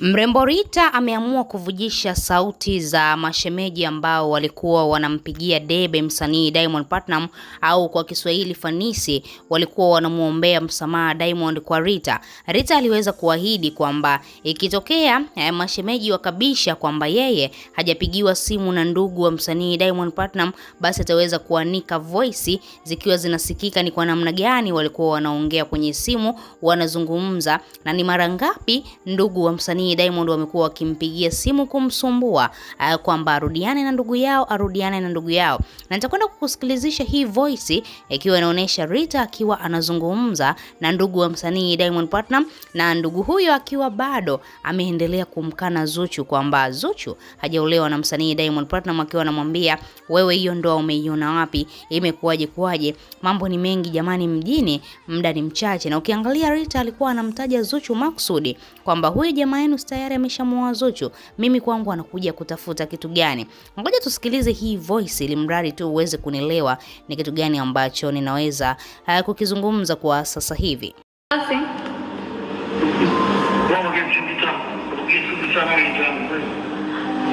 Mrembo Rita ameamua kuvujisha sauti za mashemeji ambao walikuwa wanampigia debe msanii Diamond Platinum au kwa Kiswahili fanisi walikuwa wanamwombea msamaha Diamond kwa Rita. Rita aliweza kuahidi kwamba ikitokea eh, mashemeji wakabisha kwamba yeye hajapigiwa simu na ndugu wa msanii Diamond Platinum, basi ataweza kuanika voisi zikiwa zinasikika ni kwa namna gani walikuwa wanaongea kwenye simu, wanazungumza na ni mara ngapi ndugu wa msanii jamii Diamond wamekuwa wakimpigia simu kumsumbua uh, kwamba arudiane na ndugu yao, arudiane na ndugu yao, na nitakwenda kukusikilizisha hii voice ikiwa inaonyesha Rita akiwa anazungumza na ndugu wa msanii Diamond Platnumz, na ndugu huyo akiwa bado ameendelea kumkana Zuchu kwamba Zuchu hajaolewa na msanii Diamond Platnumz, akiwa anamwambia wewe, hiyo ndoa umeiona wapi? Imekuwaje kuwaje? Mambo ni mengi jamani, mjini muda ni mchache. Na ukiangalia Rita alikuwa anamtaja Zuchu maksudi kwamba huyu jamaa yenu Venus tayari ameshamuoa Zuchu, mimi kwangu anakuja kutafuta kitu gani? Ngoja tusikilize hii voice, ili mradi tu uweze kunielewa ni kitu gani ambacho ninaweza uh, kukizungumza kwa sasa hivi.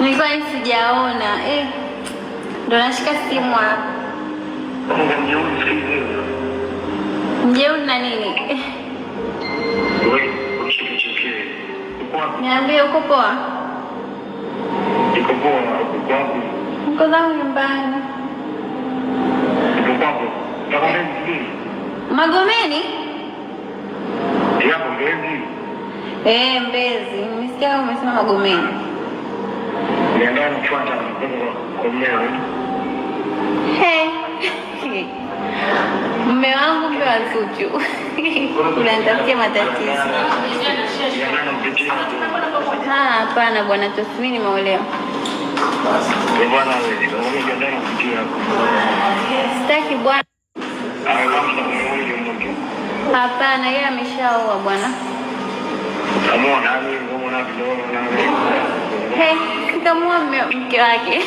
nilikuwa sijaona eh, ndo nashika simu hapa. Mjeuni na nini? Niambie, uko poa? Niko poa. Uko kwako? Uko zangu nyumbani. Niko kwako eh. Magomeni. Yapo Mbezi. Eh, Mbezi. Nimesikia umesema Magomeni. Niandaa kufuata kwa mnyama. Hey. mme wangu mme wa Zuchu unanitafutia matatizo. Ah, hapana bwana, tathmini maoleo sitaki bwana. Ah, hapana, yeye ameshaoa bwana. Sitamua mke wake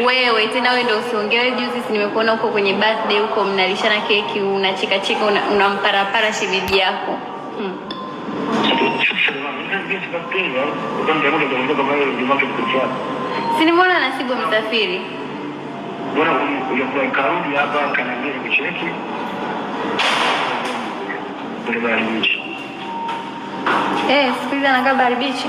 wewe tena wewe ndio usiongee. Juzi si nimekuona huko kwenye birthday huko mnalishana keki, unachekacheka, unamparapara una shemeji yako hmm. Si nimeona Nasibu amesafiri Eh, siku hizi anakaa Baribichi.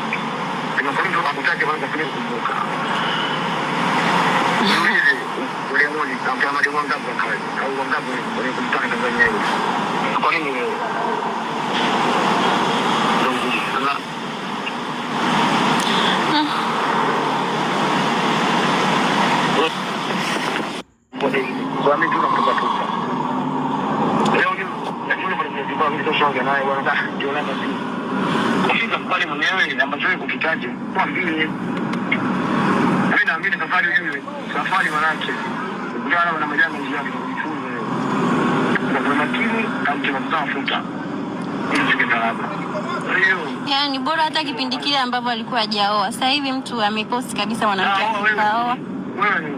utake kwanza kule kumbuka jiulize ulimwoni mtamati wangapi wakazi au wangapi wenye kumtaka Tanzania hii kwa nini wewe hmm. Leo ni lakini kwa sababu naye wanataka jiona mimi safari mwenyewe ambacho kwa mbili mimi naamini safari hiyo safari na kujifunza kwa makini na mtu mtafuta yaani, bora hata kipindi kile ambapo alikuwa hajaoa sasa hivi mtu ameposti kabisa mwanamke ah, akaoa wewe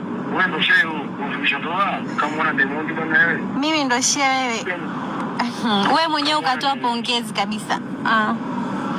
mimi ndo wewe, wewe mwenyewe ukatoa pongezi kabisa. Ah.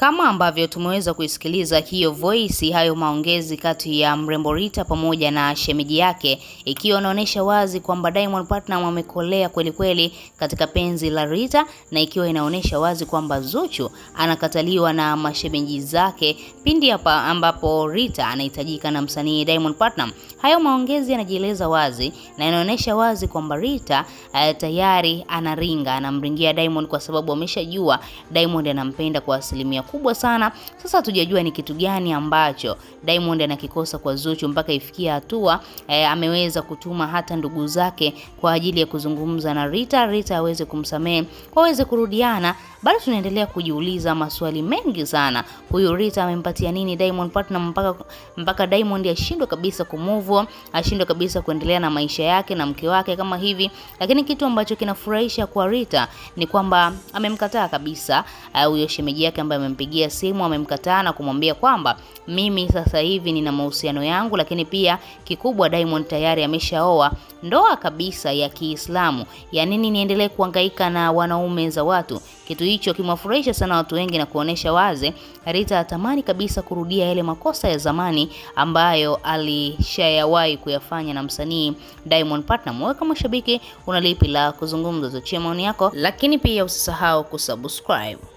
Kama ambavyo tumeweza kuisikiliza hiyo voisi, hayo maongezi kati ya mrembo Rita pamoja na shemeji yake, ikiwa inaonyesha wazi kwamba Diamond Platnumz amekolea kweli kweli katika penzi la Rita, na ikiwa inaonyesha wazi kwamba Zuchu anakataliwa na mashemeji zake pindi hapa ambapo Rita anahitajika na msanii Diamond Platnumz. Hayo maongezi yanajieleza wazi na inaonyesha wazi kwamba Rita uh, tayari anaringa, anamringia Diamond kwa sababu ameshajua Diamond anampenda kwa asilimia kubwa sana. Sasa hatujajua ni kitu gani ambacho Diamond anakikosa kwa Zuchu mpaka ifikia hatua e, ameweza kutuma hata ndugu zake kwa ajili ya kuzungumza na Rita, Rita aweze kumsamehe waweze kurudiana. Bado tunaendelea kujiuliza maswali mengi sana, huyu Rita amempatia nini Diamond Platinum mpaka mpaka Diamond ashindwe kabisa kumove, ashindwe kabisa kuendelea na maisha yake na mke wake kama hivi. Lakini kitu ambacho kinafurahisha kwa Rita ni kwamba amemkataa kabisa eh, huyo uh, shemeji yake ambaye amempigia simu amemkataa na kumwambia kwamba mimi sasa hivi nina mahusiano yangu, lakini pia kikubwa Diamond tayari ameshaoa ndoa kabisa ya Kiislamu. Ya nini niendelee kuhangaika na wanaume za watu? Kitu hicho kimewafurahisha sana watu wengi na kuonesha wazi Rita atamani kabisa kurudia yale makosa ya zamani ambayo alishayawahi kuyafanya na msanii Diamond Platnumz. Wewe kama shabiki unalipi la kuzungumza? Zochia maoni yako, lakini pia usisahau kusubscribe.